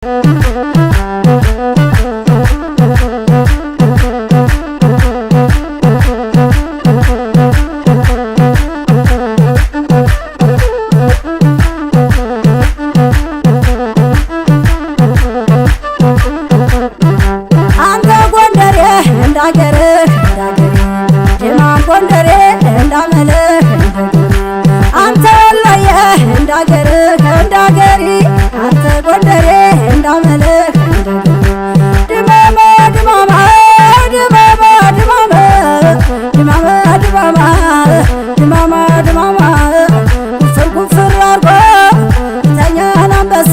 አንተ ወሎዬ እንዳገርህ እንዳገሪ አንተ ጎንደሬ ድማማ ኩፍር ኩፍር አርጎ ይተኛል አንበሳ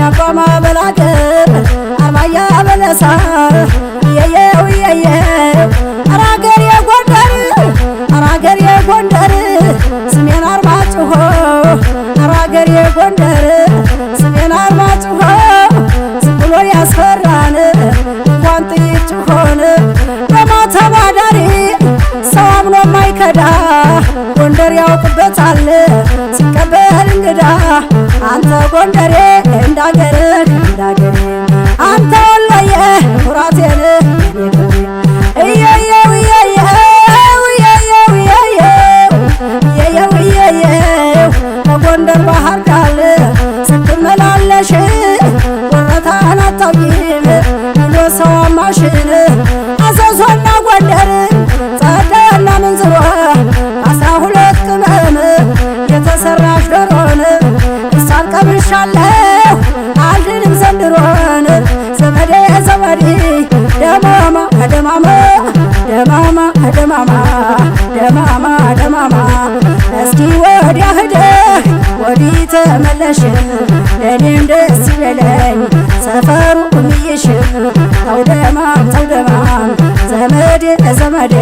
ያቋማ በላገር አርማያ በለሳ እየየው እየየው አራገር የጎንደር አራገር የጎንደር ስሜን አርማጭሆ አራገር የጎንደር ጎንደሬ እንዳገር እንዳገር አንተ ወሎዬ ኩራቴን ጎንደር ባህር ዳር ስትመላለሽ ውበቷን አታውቂ ነው አልድንም ዘንድሮን ዘመዴ ዘመዴ ደማማ ደማማ ደማማ ደማማ ደማማ ደማማ እስኪ ወዲያ ሂደህ ወዲህ ተመለሽ ለእኔም ደስ ይበለኝ ሰፈሩ እምይሽ ተው ደማም ተው ደማም ዘመዴ ዘመዴ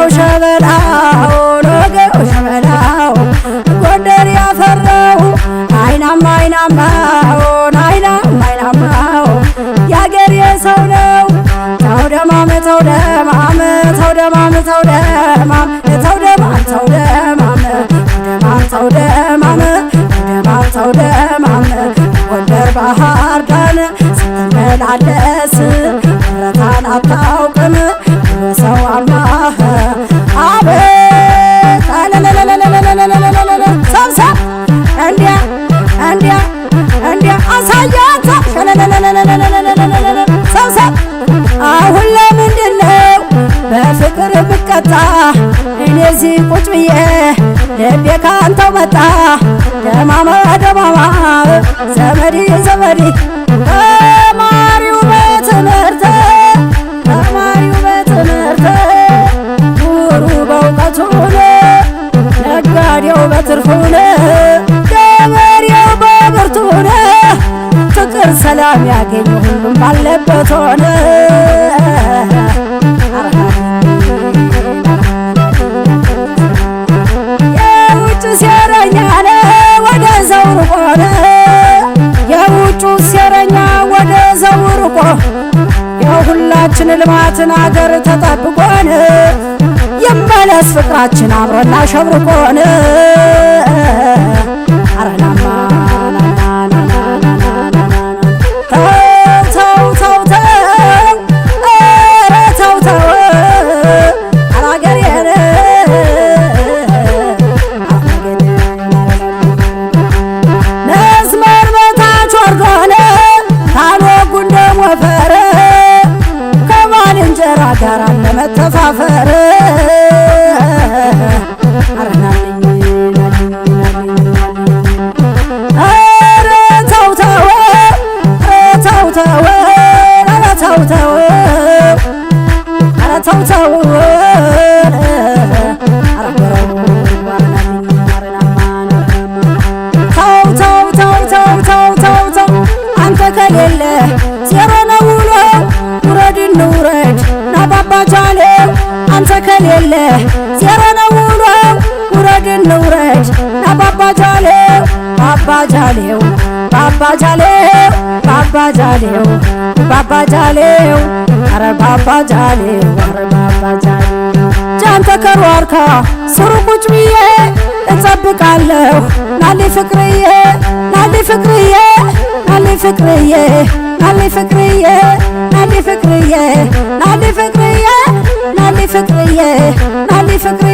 ወገው ሸበላው ወገው ሸበላው ጎንደር ያፈራው አይናማ አይናማው አይናማ አይናማው ያገሬ ሰው ነው ተው ደማም ተው ደማም ተው ደማም ተው ደማም ተው ደማም ጎንደር ባህር ዳር ስትመላለስ ረታናታ ሰብሰብ አሁን ለምንድነው በፍቅር ብቀጣ እኔ እዚህ ቁጭ ብዬ ልቤ ካንተው መጣ ደማማ ደማማ ዘመዴ ዘመዴ ያገኘው ሁሉም ባለበት ሆነ። የውጭ ሴረኛ ወደ የውጭ ሴረኛ ወደ የሁላችን ልማትን አገር ተጠብቆን ፍቅራችን ሸብርቆን አረና እንጀራ ጋር ለመተፋፈር አንተ ከሌለ ጃሌለ ዜሮ ነው ውሎ ውረድን ንውረድ ናባባጃሌው ባባጃሌው ባባጃሌው ባባጃሌው ባባጃሌው አረ ባባጃሌው አረ ባባጃሌው ጃን ተከሯርካ ስሩ ቁጭ ብዬ እጠብቃለሁ ናሊ ፍቅርዬ ናሊ ፍቅርዬ ናሊ ፍቅርዬ ናሊ ፍቅርዬ ናሊ ፍቅርዬ ናሊ ፍቅርዬ ፍቅርዬ ናሊ ፍቅር